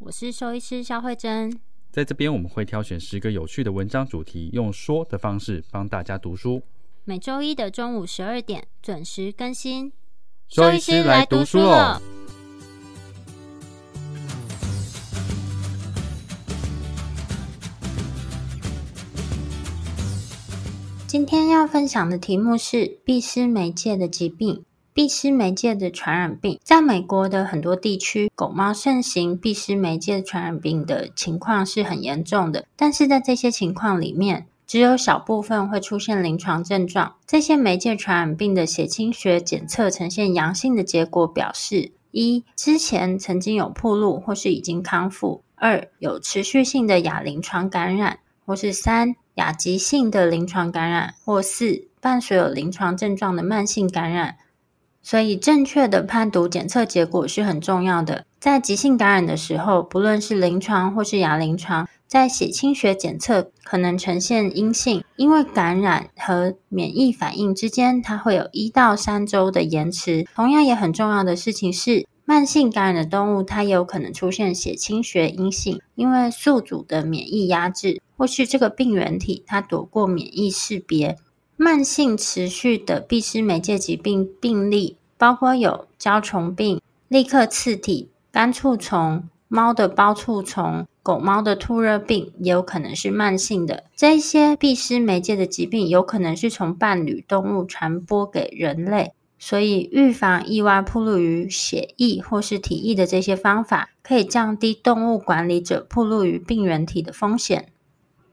我是獸醫師肖慧珍，在這邊我們會挑選十個有趣的文章主題，用說的方式幫大家讀書。每周一的中午十二點準時更新，獸醫師來讀書嘍。今天要分享的題目是壁蝨媒介的疾病。壁蝨媒介的傳染病，在美國的很多地區，狗貓盛行壁蝨媒介傳染病的情況是很嚴重的。但是在這些情況裡面，只有小部分會出現臨床症狀。這些媒介傳染病的血清學檢測呈現陽性的結果，表示：一、之前曾經有暴露或是已經康復；二、有持續性的亞臨床感染；或是三、亞急性的臨床感染；或四、伴隨有臨床症狀的慢性感染。所以，正確的判讀檢測結果是很重要的。在急性感染的時候，不論是臨床或是亞臨床，在血清學檢測可能呈現陰性，因為感染和免疫反應之間它會有一到三週的延遲。同樣也很重要的事情是，慢性感染的動物它也有可能出現血清學陰性，因為宿主的免疫壓制，或是這個病原體它躲過免疫識別。慢性持續的壁蝨媒介疾病病例，包括有焦蟲病、立克次體、肝簇蟲、貓的包簇蟲、狗貓的兔熱病，也有可能是慢性的。這一些壁蝨媒介的疾病，有可能是從伴侶動物傳播給人類，所以預防意外暴露於血液或是體液的這些方法，可以降低動物管理者暴露於病原體的風險。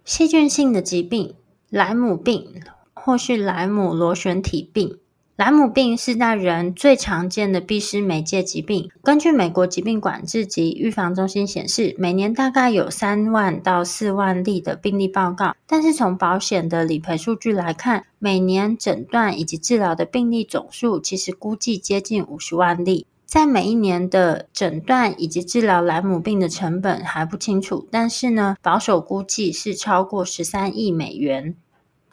細菌性的疾病，萊姆病。或是萊姆螺旋體病，萊姆病是在人最常見的壁蝨媒介疾病。根據美國疾病管制及預防中心顯示，每年大概有三萬到四萬例的病例報告。但是從保險的理賠數據來看，每年診斷以及治療的病例總數其實估計接近五十萬例。在每一年的診斷以及治療萊姆病的成本還不清楚，但是呢，保守估計是超過十三億美元。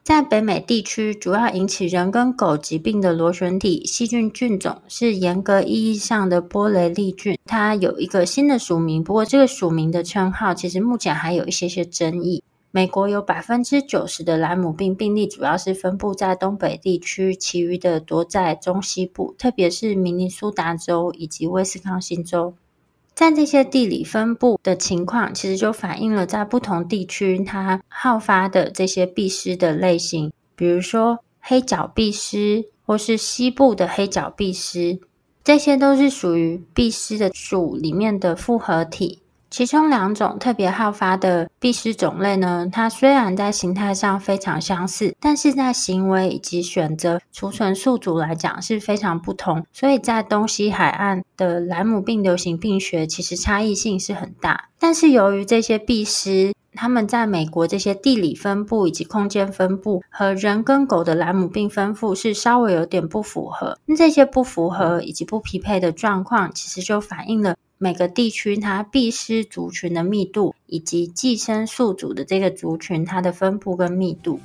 在北美地區，主要引起人跟狗疾病的螺旋體細菌菌種是嚴格意義上的波雷利菌。它有一個新的屬名，不過這個屬名的稱號其實目前還有一些些爭議。美國有百分之九十的萊姆病病例主要是分布在東北地區，其餘的多在中西部，特別是明尼蘇達州以及威斯康星州。像這些地理分布的情況，其實就反映了在不同地區它好發的這些壁蝨的類型，比如說黑腳壁蝨，或是西部的黑腳壁蝨，這些都是屬於壁蝨的屬裡面的複合體。其中兩種特別好發的壁蝨種類呢，它雖然在形態上非常相似，但是在行為以及選擇儲存宿主來講是非常不同。所以在東西海岸的萊姆病流行病學其實差異性是很大。但是由於這些壁蝨，它們在美國這些地理分布以及空間分布和人跟狗的萊姆病分布是稍微有點不符合。那這些不符合以及不匹配的狀況，其實就反映了。每個地區它壁蝨族群的密度，以及寄生宿主的這個族群它的分佈跟密度。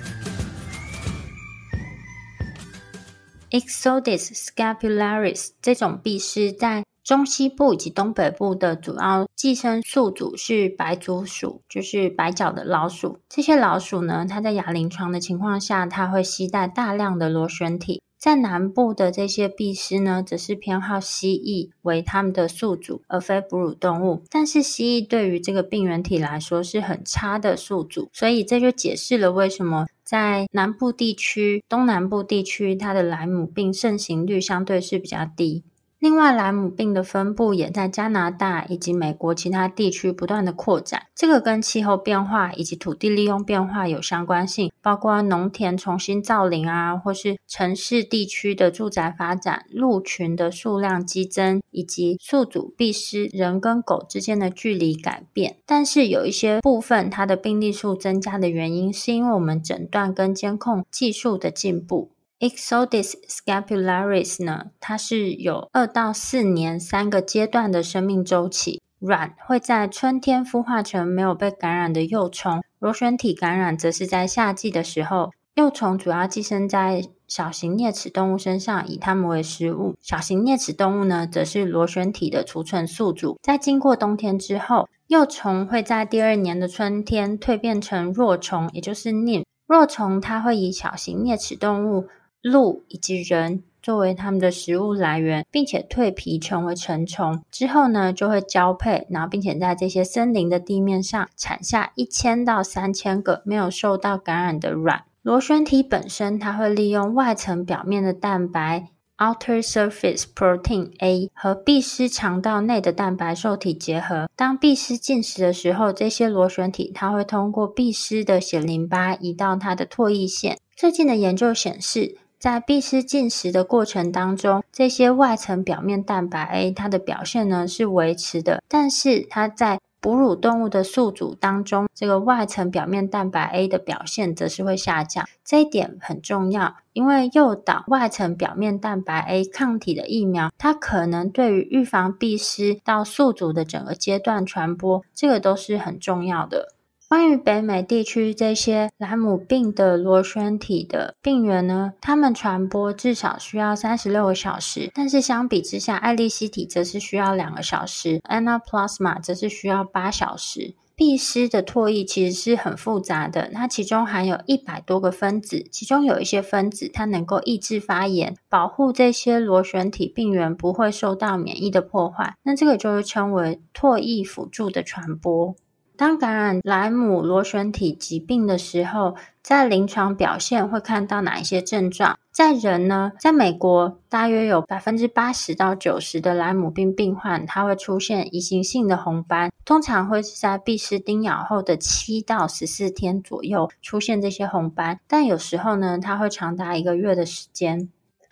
Ixodes scapularis 這種壁蝨在中西部以及東北部的主要寄生宿主是白足鼠，就是白腳的老鼠。這些老鼠呢，它在亞臨床的情況下，它會攜帶大量的螺旋體。在南部的這些壁蝨呢，則是偏好蜥蜴為它們的宿主，而非哺乳動物。但是蜥蜴對於這個病原體來說是很差的宿主，所以這就解釋了為什麼在南部地區、東南部地區，它的萊姆病盛行率相對是比較低。另外，萊姆病的分布也在加拿大以及美國其他地區不斷的擴展。這個跟氣候變化以及土地利用變化有相關性，包括農田重新造林啊，或是城市地區的住宅發展、鹿群的數量激增，以及宿主必失、人跟狗之間的距離改變。但是，有一些部分它的病例數增加的原因，是因為我們診斷跟監控技術的進步。Exodus scapularis 呢，它是有二到四年三個階段的生命週期。卵會在春天孵化成沒有被感染的幼蟲。螺旋體感染則是在夏季的時候。幼蟲主要寄生在小型齧齒動物身上，以它們為食物。小型齧齒動物呢，則是螺旋體的儲存宿主。在經過冬天之後，幼蟲會在第二年的春天蛻變成若蟲，也就是念若蟲。它會以小型齧齒動物。鹿以及人作為它們的食物來源，並且蛻皮成為成蟲之後呢，就會交配，然後並且在這些森林的地面上產下一千到三千個沒有受到感染的卵。螺旋體本身，它會利用外層表面的蛋白 （outer surface protein A） 和壁蝨腸道內的蛋白受體結合。當壁蝨進食的時候，這些螺旋體它會通過壁蝨的血淋巴移到它的唾液腺。最近的研究顯示。在壁蝨進食的過程當中，這些外層表面蛋白 A 它的表現呢是維持的，但是它在哺乳動物的宿主當中，這個外層表面蛋白 A 的表現則是會下降。這一點很重要，因為誘導外層表面蛋白 A 抗體的疫苗，它可能對於預防壁蝨到宿主的整個階段傳播，這個都是很重要的。關於北美地區這些萊姆病的螺旋體的病原呢，它們傳播至少需要三十六個小時。但是相比之下，愛麗西體則是需要兩個小時，安娜 a s m a 則是需要八小時。壁虱的唾液其實是很複雜的，它其中含有一百多個分子，其中有一些分子它能夠抑制發炎，保護這些螺旋體病原不會受到免疫的破壞。那這個就是稱為唾液輔助的傳播。當感染萊姆螺旋體疾病的時候，在臨床表現會看到哪一些症狀？在人呢，在美國大約有百分之八十到九十的萊姆病病患，它會出現移行性的紅斑，通常會是在壁蝨叮咬後的七到十四天左右出現這些紅斑，但有時候呢，它會長達一個月的時間。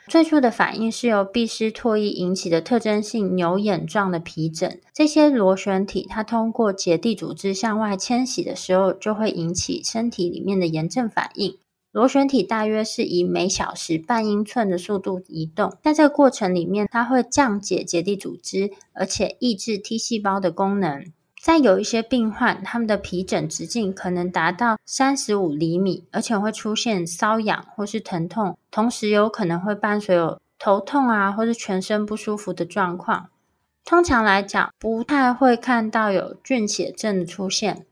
最初的反應是由壁蝨唾液引起的特徵性牛眼狀的皮疹。這些螺旋體它通過結締組織向外遷徙的時候，就會引起身體裡面的炎症反應。螺旋體大約是以每小時半英寸的速度移動，在這個過程裡面，它會降解結締組織，而且抑制 T 細胞的功能。在有一些病患，他們的皮疹直徑可能達到三十五釐米，而且會出現瘙癢或是疼痛，同時有可能會伴隨有頭痛啊，或是全身不舒服的狀況。通常來講，不太會看到有菌血症的出現。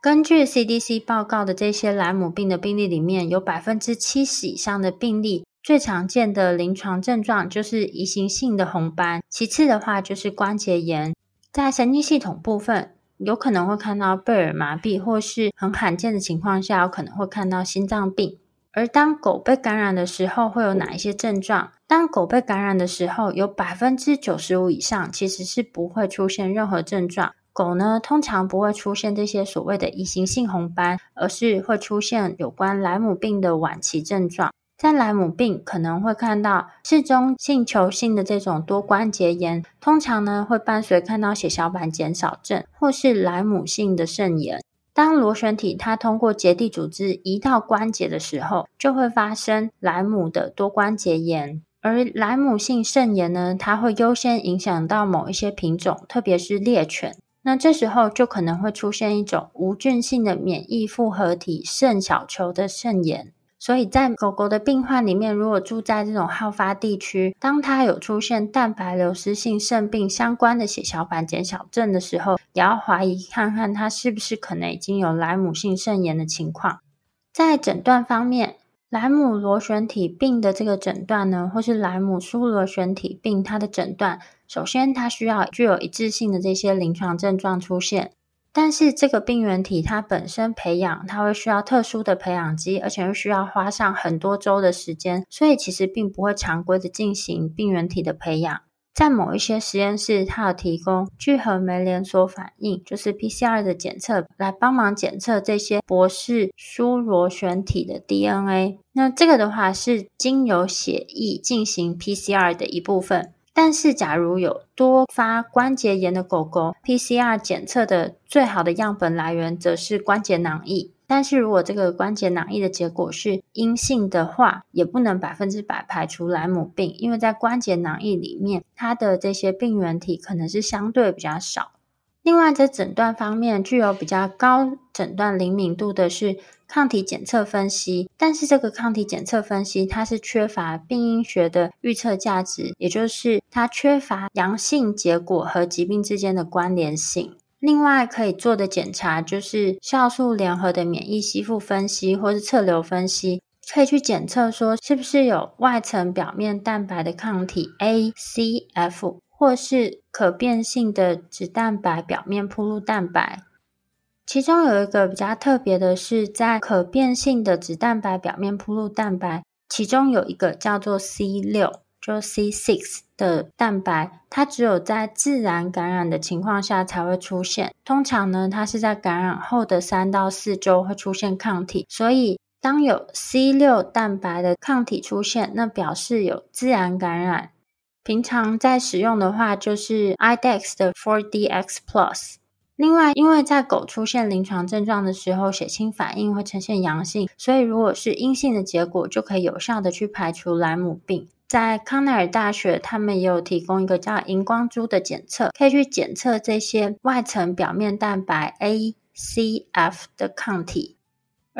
根據 CDC 報告的這些萊姆病的病例裡面，有百分之七十以上的病例，最常見的臨床症狀就是移行性的紅斑，其次的話就是關節炎。在神經系統部分，有可能會看到貝爾麻痹，或是很罕見的情況下，有可能會看到心臟病。而當狗被感染的時候，會有哪一些症狀？當狗被感染的時候，有百分之九十五以上其實是不會出現任何症狀。狗呢，通常不會出現這些所謂的移行性紅斑，而是會出現有關萊姆病的晚期症狀。在萊姆病可能會看到嗜中性球性的這種多關節炎，通常呢會伴隨看到血小板減少症，或是萊姆性的腎炎。當螺旋體它通過結締組織移到關節的時候，就會發生萊姆的多關節炎。而萊姆性腎炎呢，它會優先影響到某一些品種，特別是獵犬。那這時候就可能會出現一種無菌性的免疫複合體腎小球的腎炎。所以在狗狗的病患裡面，如果住在這種好發地區，當它有出現蛋白流失性腎病相關的血小板減少症的時候，也要懷疑看看它是不是可能已經有萊姆性腎炎的情況。在診斷方面，萊姆螺旋體病的這個診斷呢，或是萊姆疏螺旋體病它的診斷，首先它需要具有一致性的這些臨床症狀出現。但是這個病原體它本身培養，它會需要特殊的培養基，而且又需要花上很多周的時間，所以其實並不會常規的進行病原體的培養。在某一些實驗室，它有提供聚合酶連鎖反應，就是 PCR 的檢測，來幫忙檢測這些伯氏疏螺旋體的 DNA。那這個的話是經由血液進行 PCR 的一部分。但是，假如有多發關節炎的狗狗，PCR 檢測的最好的樣本來源則是關節囊液。但是如果這個關節囊液的結果是陰性的話，也不能百分之百排除萊姆病，因為在關節囊液裡面，它的這些病原體可能是相對比較少。另外，在診斷方面，具有比較高診斷靈敏度的是抗體檢測分析。但是，這個抗體檢測分析它是缺乏病因學的預測價值，也就是它缺乏陽性結果和疾病之間的關聯性。另外，可以做的檢查就是酵素聯合的免疫吸附分析，或是側流分析，可以去檢測說是不是有外層表面蛋白的抗體 （ACF）。或是可變性的脂蛋白表面鋪露蛋白，其中有一個比較特別的是，在可變性的脂蛋白表面鋪露蛋白，其中有一個叫做 C 六，就 C six 的蛋白，它只有在自然感染的情況下才會出現。通常呢，它是在感染後的三到四周會出現抗體，所以當有 C 六蛋白的抗體出現，那表示有自然感染。平常在使用的話，就是 IDEX 的 4DX Plus。另外，因為在狗出現臨床症狀的時候，血清反應會呈現陽性，所以如果是陰性的結果，就可以有效的去排除萊姆病。在康奈爾大學，他們也有提供一個叫熒光珠的檢測，可以去檢測這些外層表面蛋白 ACF 的抗體。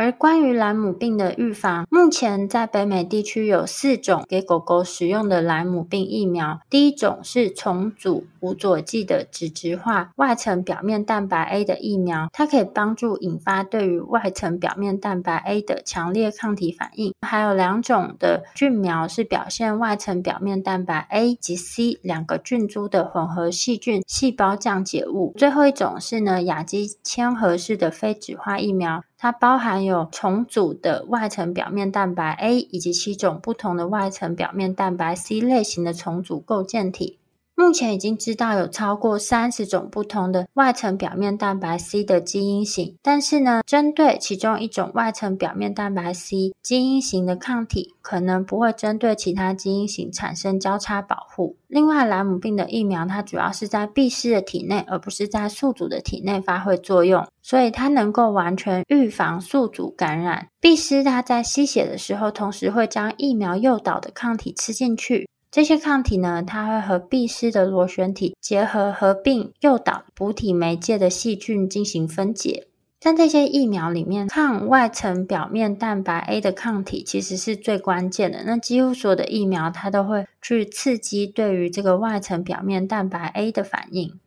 而關於萊姆病的預防，目前在北美地區有四種給狗狗使用的萊姆病疫苗。第一種是重組無佐劑的脂質化外層表面蛋白 A 的疫苗，它可以幫助引發對於外層表面蛋白 A 的強烈抗體反應。還有兩種的菌苗是表現外層表面蛋白 A 及 C 兩個菌株的混合細菌細胞降解物。最後一種是呢亞基嵌合式的非脂化疫苗。它包含有重組的外層表面蛋白 A 以及七種不同的外層表面蛋白 C 類型的重組構建體。目前已經知道有超過三十種不同的外層表面蛋白 C 的基因型，但是呢，針對其中一種外層表面蛋白 C 基因型的抗體，可能不會針對其他基因型產生交叉保護。另外，萊姆病的疫苗它主要是在壁蝨的體內，而不是在宿主的體內發揮作用，所以它能夠完全預防宿主感染。壁蝨它在吸血的時候，同時會將疫苗誘導的抗體吃進去。這些抗體呢，它會和壁蝨的螺旋體結合、合併，誘導補體媒介的細菌進行分解。但這些疫苗裡面抗外層表面蛋白 A 的抗體其實是最關鍵的。那幾乎所有的疫苗，它都會去刺激對於這個外層表面蛋白 A 的反應。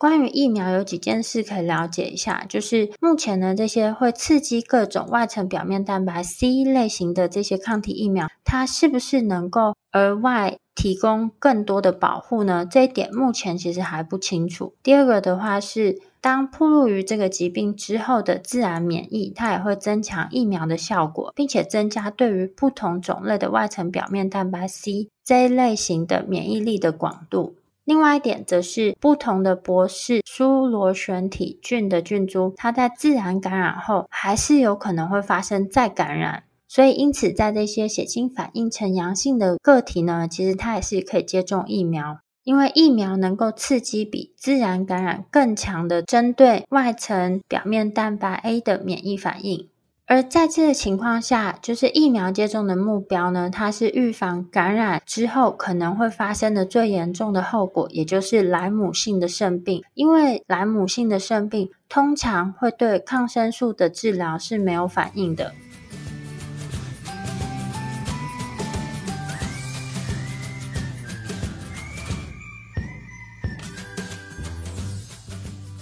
關於疫苗有幾件事可以了解一下，就是目前呢，這些會刺激各種外層表面蛋白 C 類型的這些抗體疫苗，它是不是能夠額外提供更多的保護呢？這一點目前其實還不清楚。第二個的話是，當暴露於這個疾病之後的自然免疫，它也會增強疫苗的效果，並且增加對於不同種類的外層表面蛋白 C 這一類型的免疫力的廣度。另外一點，則是不同的伯氏疏螺旋體菌的菌株，它在自然感染後，還是有可能會發生再感染。所以，因此在這些血清反應呈陽性的個體呢，其實它也是可以接種疫苗，因為疫苗能夠刺激比自然感染更強的針對外層表面蛋白 A 的免疫反應。而在這個情況下，就是疫苗接種的目標呢，它是預防感染之後可能會發生的最嚴重的後果，也就是萊姆性的腎病。因為萊姆性的腎病通常會對抗生素的治療是沒有反應的。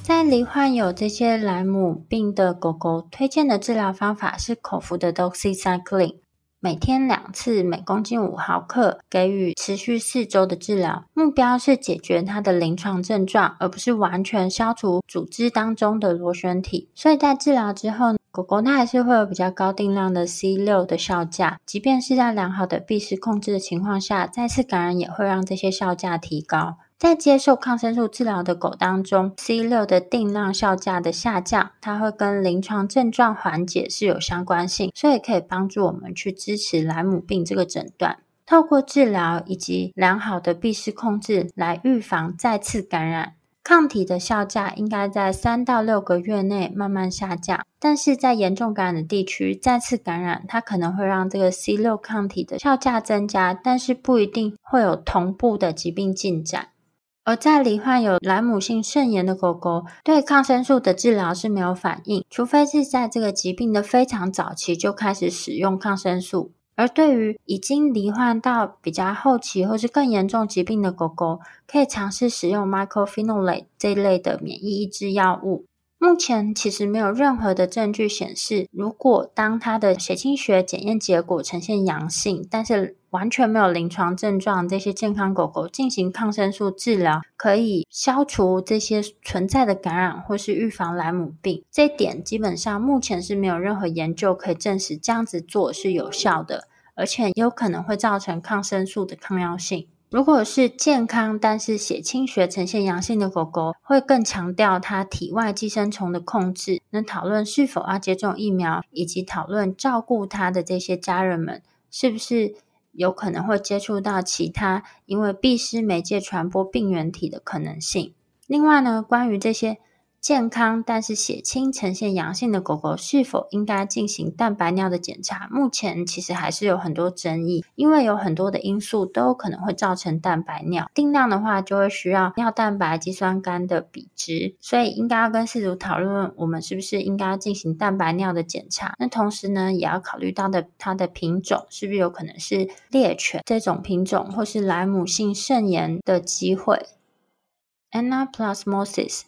在罹患有這些萊姆病的狗狗，推薦的治療方法是口服的 doxycycline，每天兩次，每公斤五毫克，給予持續四周的治療。目標是解決它的臨床症狀，而不是完全消除組織當中的螺旋體。所以在治療之後，狗狗它還是會有比較高定量的 C6 的效價，即便是在良好的壁蝨控制的情況下，再次感染也會讓這些效價提高。在接受抗生素治療的狗當中，C 六的定量效價的下降，它會跟臨床症狀緩解是有相關性，所以可以幫助我們去支持萊姆病這個診斷。透過治療以及良好的壁蝨控制來預防再次感染。抗體的效價應該在三到六個月內慢慢下降，但是在嚴重感染的地區再次感染，它可能會讓這個 C 六抗體的效價增加，但是不一定會有同步的疾病進展。而在罹患有萊姆性腎炎的狗狗，對抗生素的治療是沒有反應，除非是在這個疾病的非常早期就開始使用抗生素。而對於已經罹患到比較後期或是更嚴重疾病的狗狗，可以嘗試使用 Mycophenolate 這一類的免疫抑制藥物。目前其實沒有任何的證據顯示，如果當它的血清學檢驗結果呈現陽性，但是完全沒有臨床症狀，這些健康狗狗進行抗生素治療可以消除這些存在的感染，或是預防萊姆病。這一點基本上目前是沒有任何研究可以證實這樣子做是有效的，而且有可能會造成抗生素的抗藥性。如果是健康但是血清學呈現陽性的狗狗，會更強調它體外寄生蟲的控制，能討論是否要接種疫苗，以及討論照顧它的這些家人們是不是。有可能會接觸到其他因為壁蝨媒介傳播病原體的可能性。另外呢，關於這些。健康，但是血清呈現陽性的狗狗是否應該進行蛋白尿的檢查？目前其實還是有很多爭議，因為有很多的因素都可能會造成蛋白尿。定量的話，就會需要尿蛋白肌酸酐的比值，所以應該要跟飼主討論，我們是不是應該要進行蛋白尿的檢查。那同時呢，也要考慮到的它的品種是不是有可能是獵犬這種品種，或是萊姆性腎炎的機會，Anaplasmosis。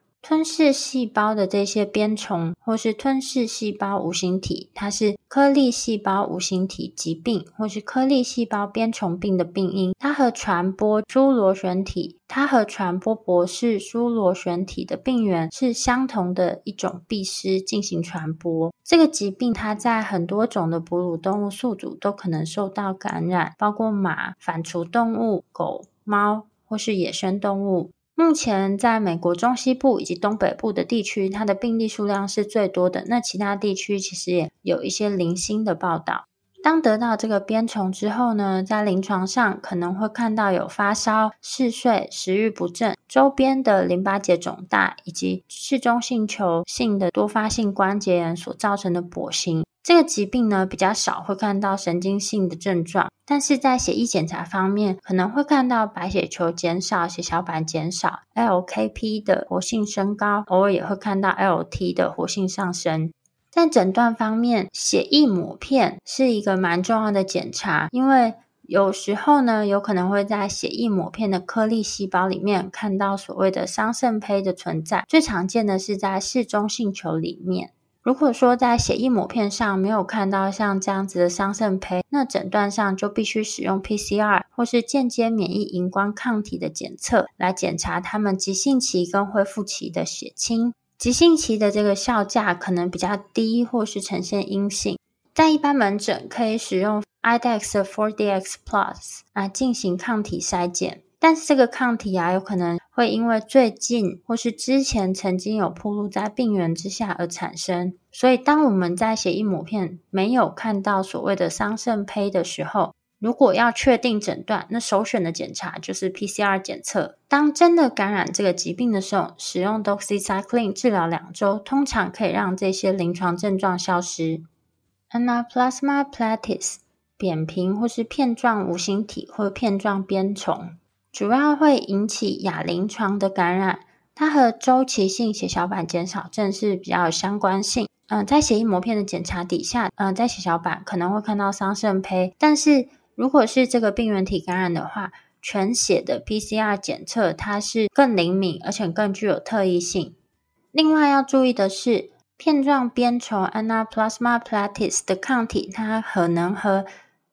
吞噬細胞的這些邊蟲，或是吞噬細胞無形體，它是顆粒細胞無形體疾病或是顆粒細胞邊蟲病的病因。它和傳播疏螺旋體，它和傳播伯氏疏螺旋體的病原是相同的一種，壁蝨進行傳播。這個疾病它在很多種的哺乳動物宿主都可能受到感染，包括馬、反芻動物、狗、貓或是野生動物。目前在美國中西部以及東北部的地區，它的病例數量是最多的。那其他地區其實也有一些零星的報道。當得到這個邊蟲之後呢，在臨床上可能會看到有發燒、嗜睡、食慾不振、周邊的淋巴結腫大，以及嗜中性球性的多發性關節炎所造成的跛行。這個疾病呢比較少會看到神經性的症狀，但是在血液檢查方面可能會看到白血球減少、血小板減少、LKP 的活性升高，偶爾也會看到 LT 的活性上升。在診斷方面，血液抹片是一個蠻重要的檢查，因為有時候呢有可能會在血液抹片的顆粒細胞裡面看到所謂的桑葚胚的存在，最常見的是在嗜中性球裡面。如果說在血液抹片上沒有看到像這樣子的桑葚胚，那診斷上就必須使用 PCR 或是間接免疫熒光抗體的檢測來檢查他們急性期跟恢復期的血清。急性期的這個效價可能比較低，或是呈現陰性。但一般門診可以使用 IDEX 4DX Plus 來進行抗體篩檢，但是這個抗體啊有可能，會因為最近或是之前曾經有暴露在病原之下而產生，所以當我們在血抹片沒有看到所謂的桑葚胚的時候，如果要確定診斷，那首選的檢查就是 PCR 檢測。當真的感染這個疾病的時候，使用 doxycycline 治療兩週，通常可以讓這些臨床症狀消失。Anaplasma platys，扁平或是片狀無形體或片狀邊蟲。主要會引起亞臨床的感染，它和周期性血小板減少症是比較有相關性。嗯、呃，在血液膜片的檢查底下，嗯、呃，在血小板可能會看到桑葚胚，但是如果是這個病原體感染的話，全血的 PCR 檢測它是更靈敏而且更具有特異性。另外要注意的是，片狀邊蟲 Anaplasma platys 的抗體，它可能和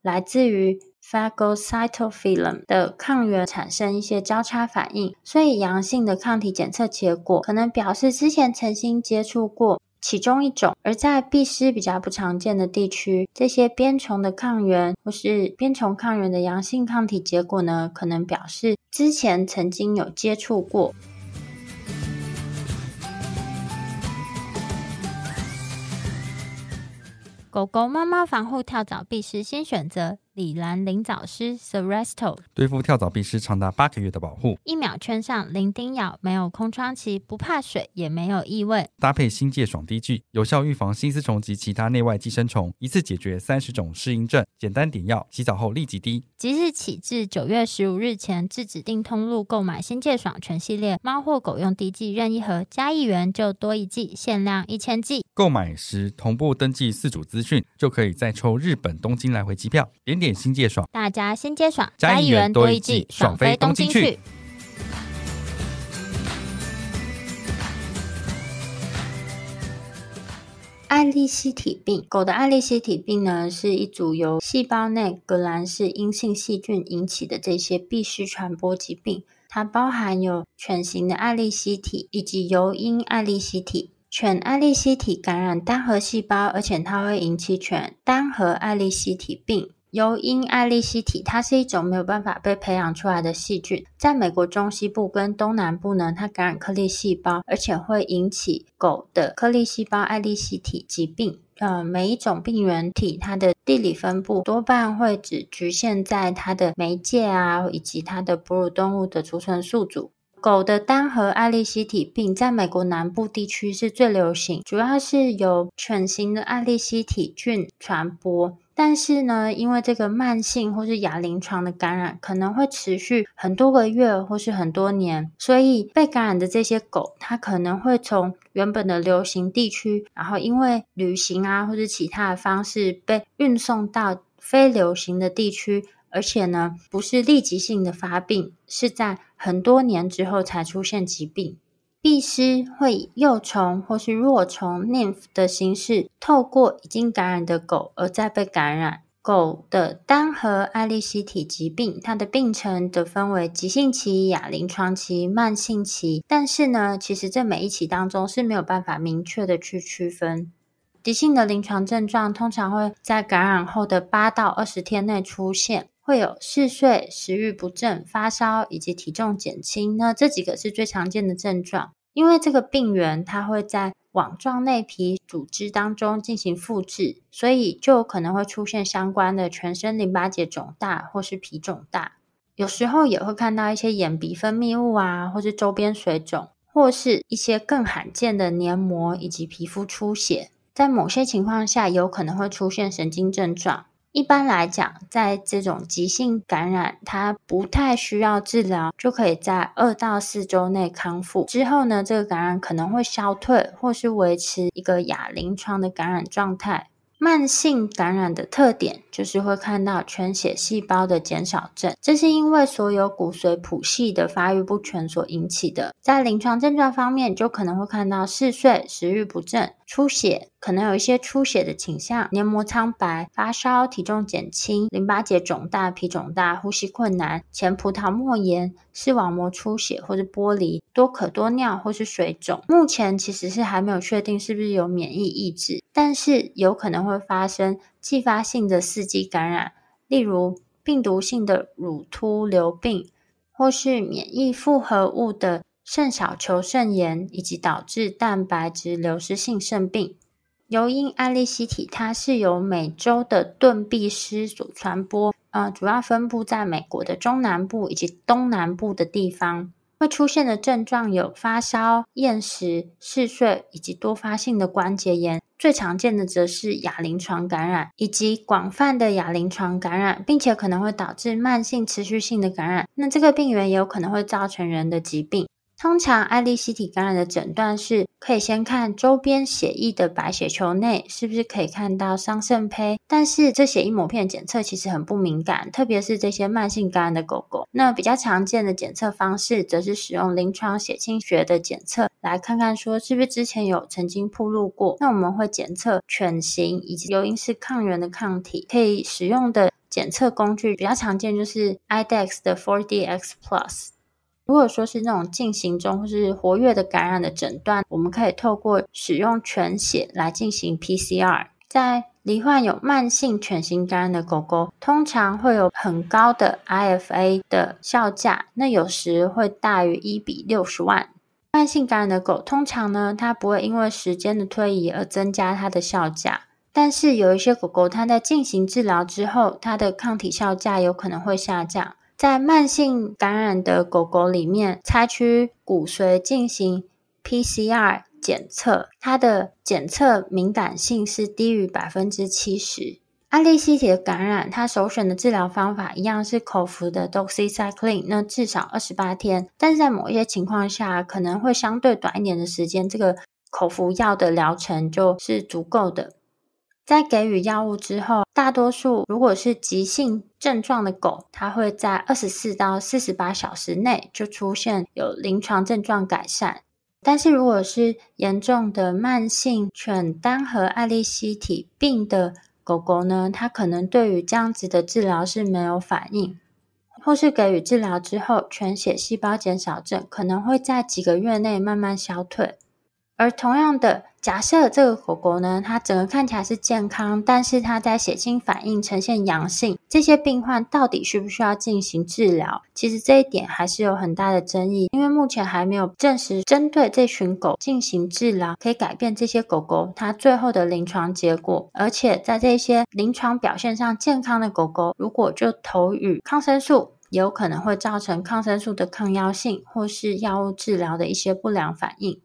來自於 Phagocytophilum 的抗原產生一些交叉反應，所以陽性的抗體檢測結果可能表示之前曾經接觸過其中一種；而在壁蝨比較不常見的地區，這些邊蟲的抗原或是邊蟲抗原的陽性抗體結果呢，可能表示之前曾經有接觸過。狗狗、貓貓防護跳蚤壁蝨新選擇。李蘭零蚤蝨 Seresto 對付跳蚤壁蝨長達八個月的保護，一秒圈上零叮咬，沒有空窗期，不怕水，也沒有異味。搭配新界爽滴劑，有效預防心絲蟲及其他內外寄生蟲，一次解決三十種適應症，簡單點藥，洗澡後立即滴。即日起至九月十五日前，至指定通路購買新界爽全系列貓或狗用滴劑任意盒，加一元就多一劑，限量一千劑。購買時同步登記四組資訊，就可以再抽日本東京來回機票。點點。心解爽，大家先接爽，加一元多一季，爽飛東京去。艾利希體病，狗的艾利希體病呢，是一組由細胞內革蘭氏陰性細菌引起的這些壁蝨傳播疾病。它包含有犬型的艾利希體以及尤因艾利希體。犬艾利希體感染單核細胞，而且它會引起犬單核艾利希體病。由因艾利希體，它是一種沒有辦法被培養出來的細菌，在美國中西部跟東南部呢，它感染顆粒細胞，而且會引起狗的顆粒細胞艾利希體疾病。呃，每一種病原體，它的地理分布多半會只局限在它的媒介啊，以及它的哺乳動物的儲存宿主。狗的單核艾利希體病，在美國南部地區是最流行，主要是由犬型的艾利希體菌傳播。但是呢，因為這個慢性或是亞臨床的感染可能會持續很多個月或是很多年，所以被感染的這些狗，它可能會從原本的流行地區，然後因為旅行啊或是其他的方式被運送到非流行的地區。而且呢，不是立即性的發病，是在很多年之後才出現疾病。壁蝨會以幼蟲或是弱蟲 nymph 的形式，透過已經感染的狗而再被感染。狗的單核艾利希體疾病，它的病程則分為急性期、亞臨床期、慢性期。但是呢，其實這每一期當中是沒有辦法明確的去區分。急性的臨床症狀通常會在感染後的八到二十天內出現。會有嗜睡、食慾不振、發燒以及體重減輕，那這幾個是最常見的症狀。因為這個病原它會在網狀內皮組織當中進行複製，所以就有可能會出現相關的全身淋巴結腫大或是脾腫大。有時候也會看到一些眼鼻分泌物啊，或是周邊水腫，或是一些更罕見的黏膜以及皮膚出血。在某些情況下，有可能會出現神經症狀。一般來講，在這種急性感染，它不太需要治療，就可以在二到四周內康復。之後呢，這個感染可能會消退，或是維持一個亞臨床的感染狀態。慢性感染的特點就是會看到全血細胞的減少症，這是因為所有骨髓譜系的發育不全所引起的。在臨床症狀方面，就可能會看到嗜睡、食慾不振、出血，可能有一些出血的傾向，黏膜蒼白、發燒、體重減輕、淋巴結腫大、脾腫大、呼吸困難、前葡萄膜炎。視網膜出血或者剝離，多渴多尿或是水腫。目前其實是還沒有確定是不是有免疫抑制，但是有可能會發生繼發性的細菌感染，例如病毒性的乳突瘤病，或是免疫複合物的腎小球腎炎，以及導致蛋白質流失性腎病。由因艾利希體，它是由美洲的鈍壁蝨所傳播。呃，主要分布在美國的中南部以及東南部的地方，會出現的症狀有發燒、厭食、嗜睡以及多發性的關節炎。最常見的則是亞臨床感染，以及廣泛的亞臨床感染，並且可能會導致慢性持續性的感染。那這個病原也有可能會造成人的疾病。通常艾利希體感染的診斷是，可以先看周邊血液的白血球內是不是可以看到桑葚胚。但是這血液抹片的檢測其實很不敏感，特別是這些慢性感染的狗狗。那比較常見的檢測方式，則是使用臨床血清學的檢測，來看看說是不是之前有曾經暴露過。那我們會檢測犬型以及尤因氏抗原的抗體。可以使用的檢測工具比較常見就是 IDEX 的 4DX Plus。如果說是那種進行中或是活躍的感染的診斷，我們可以透過使用全血來進行 PCR。在罹患有慢性犬型感染的狗狗，通常會有很高的 IFA 的效價，那有時會大於一比六十萬。慢性感染的狗通常呢，它不會因為時間的推移而增加它的效價，但是有一些狗狗它在進行治療之後，它的抗體效價有可能會下降。在慢性感染的狗狗裡面，採取骨髓進行 PCR 檢測，它的檢測敏感性是低於百分之七十。艾利希體的感染，它首選的治療方法一樣是口服的 doxycycline，那至少二十八天。但是在某一些情況下，可能會相對短一點的時間，這個口服藥的療程就是足夠的。在給予藥物之後，大多數如果是急性症狀的狗，它會在二十四到四十八小時內就出現有臨床症狀改善。但是如果是嚴重的慢性犬單核艾利希體病的狗狗呢，它可能對於這樣子的治療是沒有反應，或是給予治療之後，全血細胞減少症可能會在幾個月內慢慢消退。而同樣的，假設這個狗狗呢，它整個看起來是健康，但是它在血清反應呈現陽性，這些病患到底需不需要進行治療？其實這一點還是有很大的爭議，因為目前還沒有證實針對這群狗進行治療可以改變這些狗狗它最後的臨床結果。而且在這些臨床表現上健康的狗狗，如果就投予抗生素，有可能會造成抗生素的抗藥性，或是藥物治療的一些不良反應。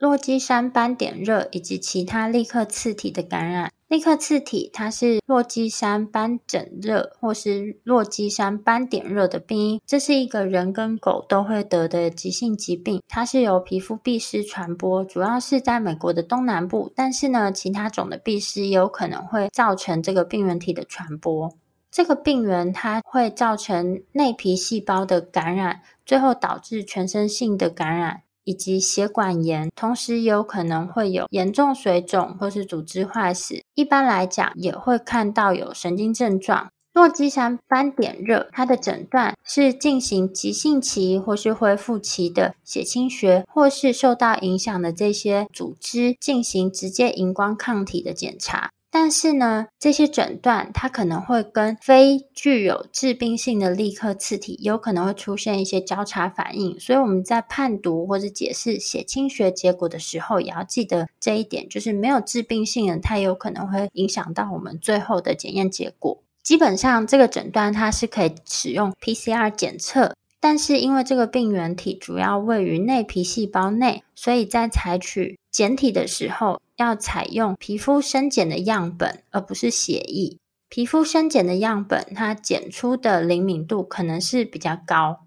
洛基山斑點熱以及其他立克次體的感染。立克次體它是洛基山斑疹熱或是洛基山斑點熱的病因。這是一個人跟狗都會得的急性疾病。它是由皮膚壁蝨傳播，主要是在美國的東南部。但是呢，其他種的壁蝨有可能會造成這個病原體的傳播。這個病原它會造成內皮細胞的感染，最後導致全身性的感染。以及血管炎，同時有可能會有嚴重水腫或是組織壞死。一般來講，也會看到有神經症狀。洛基山斑點熱，它的診斷是進行急性期或是恢復期的血清學，或是受到影響的這些組織進行直接熒光抗體的檢查。但是呢，這些診斷它可能會跟非具有致病性的立克次體有可能會出現一些交叉反應，所以我們在判讀或者解釋血清學結果的時候，也要記得這一點，就是沒有致病性的，它有可能會影響到我們最後的檢驗結果。基本上，這個診斷它是可以使用 PCR 檢測，但是因為這個病原體主要位於內皮細胞內，所以在採取。檢體的時候要採用皮膚生檢的樣本，而不是血液。皮膚生檢的樣本，它檢出的靈敏度可能是比較高。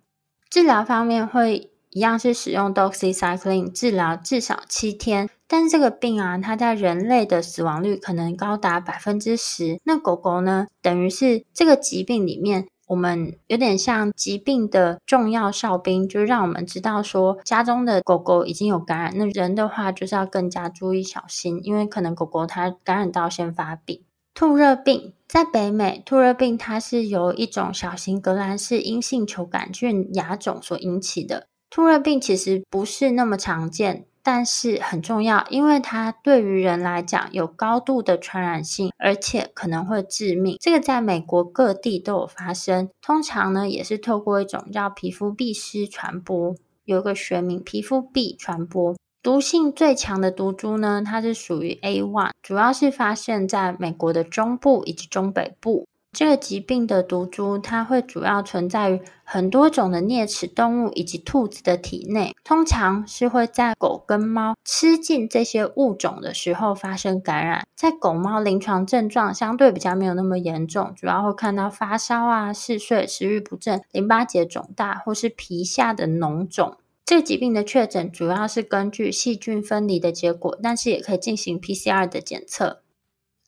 治療方面會一樣是使用 doxycycline 治療至少七天，但是這個病啊，它在人類的死亡率可能高達百分之十。那狗狗呢，等於是這個疾病裡面。我們有點像疾病的重要哨兵，就是讓我們知道說家中的狗狗已經有感染。那人的話就是要更加注意小心，因為可能狗狗它感染到先發病。兔熱病在北美，兔熱病它是由一種小型革蘭氏陰性球桿菌亞種所引起的。兔熱病其實不是那麼常見。但是很重要，因為它對於人來講有高度的傳染性，而且可能會致命。這個在美國各地都有發生，通常呢也是透過一種叫皮膚壁蝨傳播，有一個學名皮膚壁傳播。毒性最強的毒株呢，它是屬於 A1，主要是發現在美國的中部以及中北部。這個疾病的毒株，它會主要存在於很多種的齧齒動物以及兔子的體內，通常是會在狗跟貓吃進這些物種的時候發生感染。在狗貓臨床症狀相對比較沒有那麼嚴重，主要會看到發燒啊、嗜睡、食慾不振、淋巴結腫大或是皮下的膿腫。這個疾病的確診主要是根據細菌分離的結果，但是也可以進行 PCR 的檢測。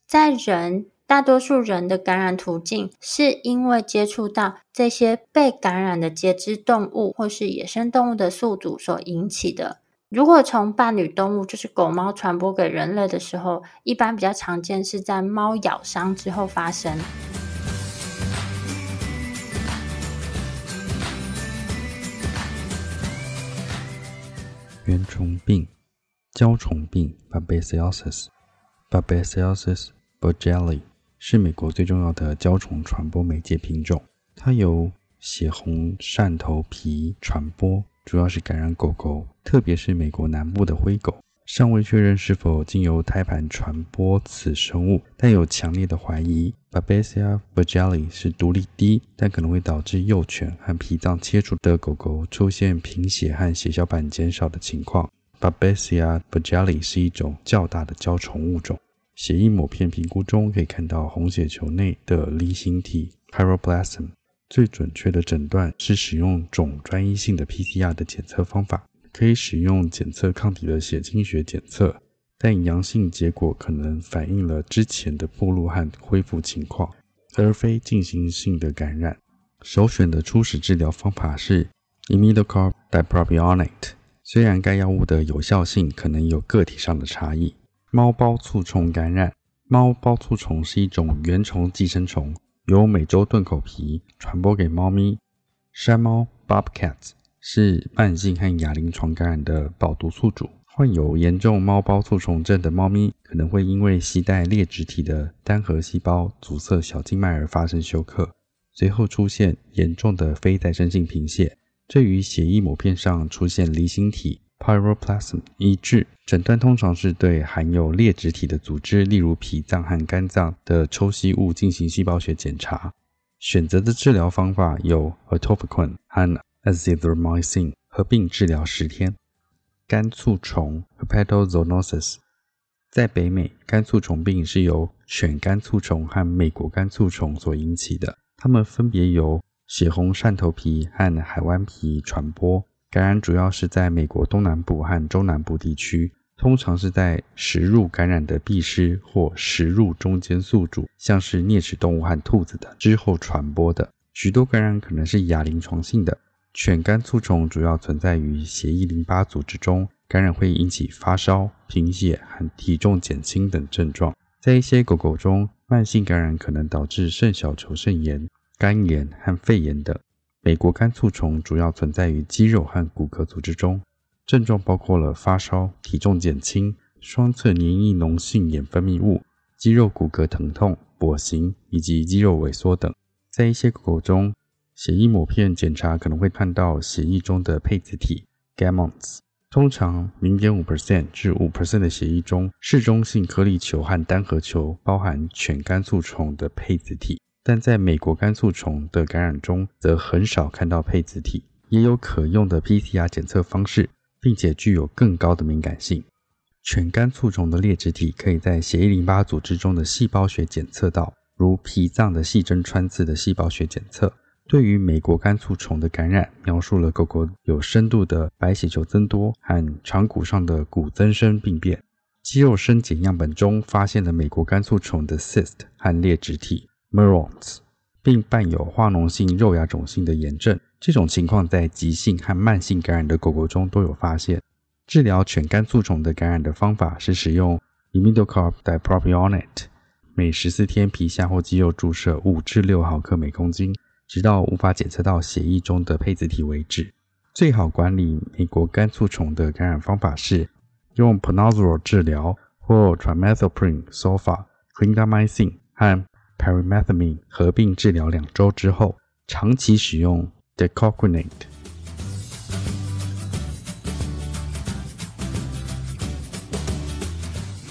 在人。大多數人的感染途徑是因為接觸到這些被感染的節肢動物或是野生動物的宿主所引起的。如果從伴侶動物，就是狗貓傳播給人類的時候，一般比較常見是在貓咬傷之後發生。原蟲病、焦蟲病 （babesiosis）、babesiosis、brugelli。是美國最重要的焦蟲傳播媒介品種，它由血紅扇頭蜱傳播，主要是感染狗狗，特別是美國南部的灰狗。尚未確認是否經由胎盤傳播此生物，但有強烈的懷疑。Babesia vogeli 是獨立低，但可能會導致幼犬和脾臟切除的狗狗出現貧血和血小板減少的情況。Babesia vogeli 是一種較大的焦蟲物種。血液抹片評估中可以看到紅血球內的梨形體 piroplasm。最準確的診斷是使用種專一性的 PCR 的檢測方法，可以使用檢測抗體的血清學檢測，但陽性結果可能反映了之前的暴露和恢復情況，而非進行性的感染。首選的初始治療方法是 imidocarb dipropionate。雖然該藥物的有效性可能有個體上的差異。貓胞簇蟲感染。貓胞簇蟲是一種原蟲寄生蟲，由美洲鈍口蜱傳播給貓咪。山貓 Bobcat 是慢性和亞臨床感染的保毒宿主。患有嚴重貓胞簇蟲症的貓咪可能會因為攜帶裂殖體的單核細胞阻塞小靜脈而發生休克，隨後出現嚴重的非代償性貧血，這與血液抹片上出現梨形體。Pyroplasm 醫治診斷通常是對含有裂殖體的組織，例如脾臟和肝臟的抽吸物進行細胞學檢查。選擇的治療方法有 Atovaquone 和 Azithromycin 合併治療十天。肝簇蟲 Hepatozoonosis，在北美，肝簇蟲病是由犬肝簇蟲和美國肝簇蟲所引起的，它們分別由血紅扇頭蜱和海灣蜱傳播。感染主要是在美國東南部和中南部地區，通常是在食入感染的壁蝨或食入中間宿主，像是齧齒動物和兔子等之後傳播的。許多感染可能是亞臨床性的。犬肝簇蟲主要存在於血液淋巴組織中，感染會引起發燒、貧血和體重減輕等症狀。在一些狗狗中，慢性感染可能導致腎小球腎炎、肝炎和肺炎等。美國肝簇蟲主要存在於肌肉和骨骼組織中，症狀包括了發燒、體重減輕、雙側黏液膿性眼分泌物、肌肉骨骼疼痛、跛行以及肌肉萎縮等。在一些狗狗中，血液抹片檢查可能會看到血液中的配子體 （gamonts） m。通常0.5%至5%的血液中，嗜中性顆粒球和單核球包含犬肝簇蟲的配子體。但在美國肝簇蟲的感染中，則很少看到配子體，也有可用的 PCR 檢測方式，並且具有更高的敏感性。犬肝簇蟲的裂殖體可以在血液淋,淋巴組織中的細胞學檢測到，如脾臟的細針穿刺的細胞學檢測。對於美國肝簇蟲的感染，描述了狗狗有深度的白血球增多和長骨上的骨增生病變。肌肉生檢樣本中發現了美國肝簇蟲的 cyst 和裂殖體。meronts 並伴有化膿性肉芽腫性的炎症。這種情況在急性和慢性感染的狗狗中都有發現。治療犬肝簇蟲的感染的方法是使用 imidocarb dipropionate，每十四天皮下或肌肉注射五至六毫克每公斤，直到無法檢測到血液中的配子體為止。最好管理美國肝簇蟲的感染方法是用 ponazuril 治療或 trimethoprim-sulfa、clindamycin 和 Pyrimethamine 合併治療兩周之後，長期使用 Decoquinate。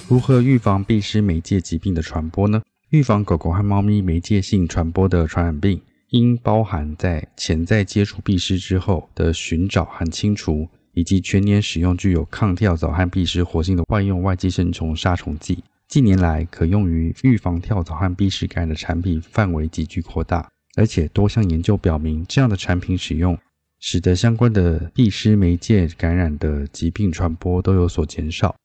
如何預防壁蝨媒介疾病的傳播呢？預防狗狗和貓咪媒介性傳播的傳染病，應包含在潛在接觸壁蝨之後的尋找和清除，以及全年使用具有抗跳蚤和壁蝨活性的外用外寄生蟲殺蟲劑。近年來，可用於預防跳蚤和壁蝨感染的產品範圍急劇擴大，而且多項研究表明，這樣的產品使用使得相關的壁蝨媒介感染的疾病傳播都有所減少。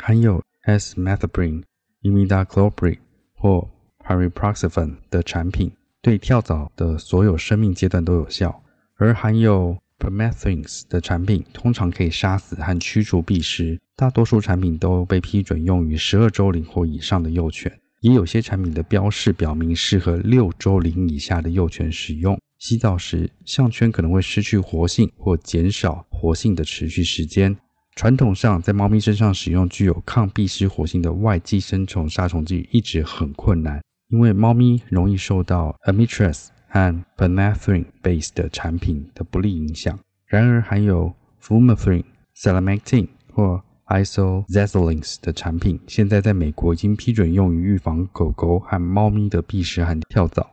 含有 S-methoprene imidacloprid 或 pyriproxyfen 的產品對跳蚤的所有生命階段都有效，而含有 Permethrin 的產品通常可以殺死和驅除蜱蟲，大多數產品都被批准用於十二周齡或以上的幼犬，也有些產品的標示表明適合六周齡以下的幼犬使用。洗澡時，項圈可能會失去活性或減少活性的持續時間。傳統上，在貓咪身上使用具有抗蜱蟲活性的外寄生蟲殺蟲劑一直很困難，因爲貓咪容易受到 Amitraz 和 permethrin based 的產品的不利影響。然而，含有 flumethrin、selamectin 或 isoxazolines 的產品，現在在美國已經批准用於預防狗狗和貓咪的壁蝨和跳蚤，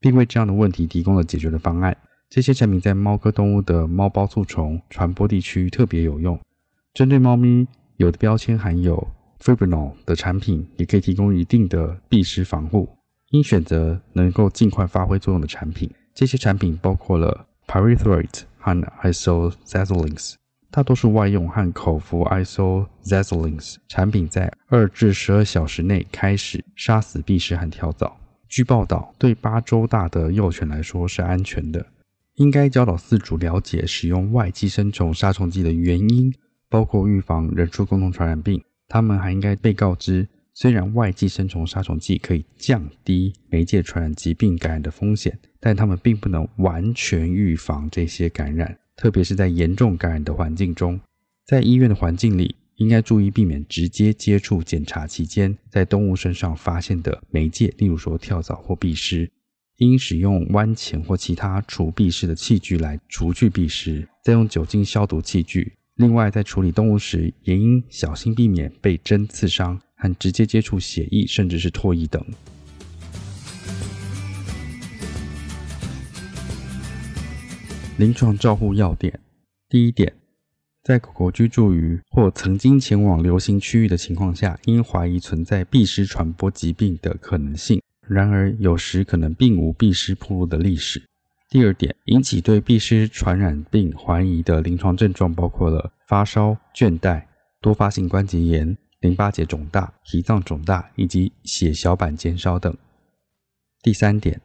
並為這樣的問題提供了解決的方案。這些產品在貓科動物的貓胞簇蟲傳播地區特別有用。針對貓咪，有的標籤含有 fipronil 的產品，也可以提供一定的壁蝨防護。應選擇能夠儘快發揮作用的產品。這些產品包括了 pyrethroids 和 isoxazolines。大多數外用和口服 isoxazolines 產品在二至十二小時內開始殺死蜱蟲和跳蚤。據報道，對八周大的幼犬來說是安全的。應該教導飼主了解使用外寄生蟲殺蟲劑的原因，包括預防人畜共同傳染病。他們還應該被告知。雖然外寄生蟲殺蟲劑可以降低媒介傳染疾病感染的風險，但它們並不能完全預防這些感染，特別是在嚴重感染的環境中。在醫院的環境裡，應該注意避免直接接觸檢查期間在動物身上發現的媒介，例如說跳蚤或壁蝨。應使用彎鉗或其他除壁蝨的器具來除去壁蝨，再用酒精消毒器具。另外，在處理動物時，也應小心避免被針刺傷。和直接接觸血液，甚至是唾液等。臨床照護要點：第一點，在狗狗居住於或曾經前往流行區域的情況下，應懷疑存在壁蝨傳播疾病的可能性。然而，有時可能並無壁蝨暴露的歷史。第二點，引起對壁蝨傳染病懷疑的臨床症狀包括了發燒、倦怠、多發性關節炎。淋巴結腫大、脾臟腫大以及血小板減少等。第三點，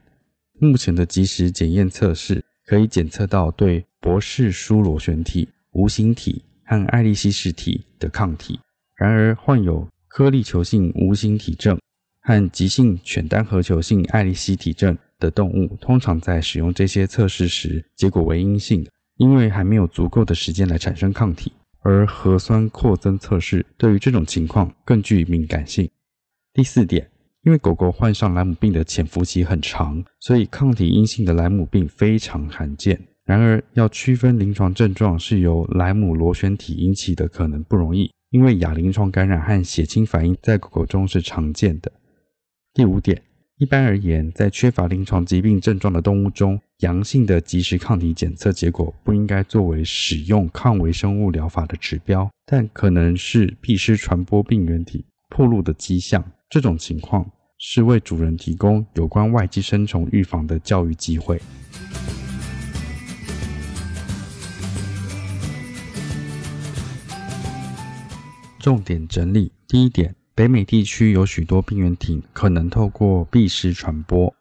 目前的即時檢驗測試可以檢測到對博氏疏螺旋體、無形體和艾利希氏體的抗體。然而，患有顆粒球性無形體症和急性犬單核球性艾利希體症的動物通常在使用這些測試時結果為陰性，因為還沒有足夠的時間來產生抗體。而核酸擴增測試對於這種情況更具敏感性。第四點，因為狗狗患上萊姆病的潛伏期很長，所以抗體陰性的萊姆病非常罕見。然而，要區分臨床症狀是由萊姆螺旋體引起的可能不容易，因為亞臨床感染和血清反應在狗狗中是常見的。第五點。一般而言，在缺乏臨床疾病症狀的動物中，陽性的即時抗體檢測結果不應該作為使用抗微生物療法的指標，但可能是壁蝨傳播病原體暴露的跡象。這種情況是為主人提供有關外寄生蟲預防的教育機會。重點整理第一點。北美地區有許多病原體可能透過壁蝨傳播。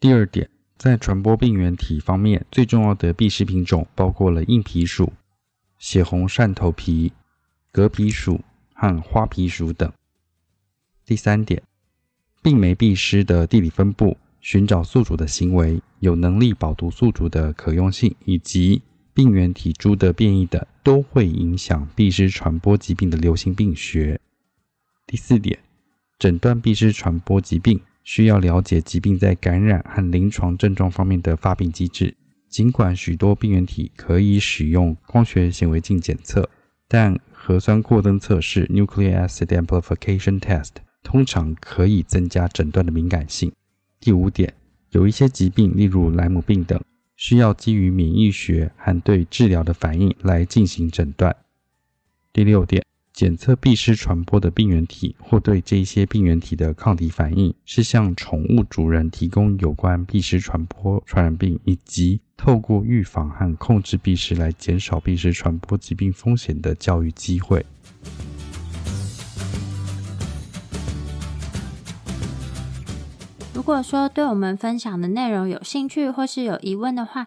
第二點，在傳播病原體方面，最重要的壁蝨品種包括了硬蜱屬、血紅扇頭蜱、革蜱屬和花蜱屬等。第三點，病媒壁蝨的地理分布、尋找宿主的行為、有能力保毒宿主的可用性以及病原體株的變異等，都會影響壁蝨傳播疾病的流行病學。第四點，診斷壁蝨傳播疾病，需要了解疾病在感染和臨床症狀方面的發病機制。儘管許多病原體可以使用光學顯微鏡檢測，但核酸擴增測試 （nucleic acid amplification test） 通常可以增加診斷的敏感性。第五點，有一些疾病，例如萊姆病等，需要基於免疫學和對治療的反應來進行診斷。第六點，檢測壁蝨傳播的病原體或對這些病原體的抗體反應，是向寵物主人提供有關壁蝨傳播傳染病以及透過預防和控制壁蝨來減少壁蝨傳播疾病風險的教育機會。如果說對我們分享的內容有興趣或是有疑問的話，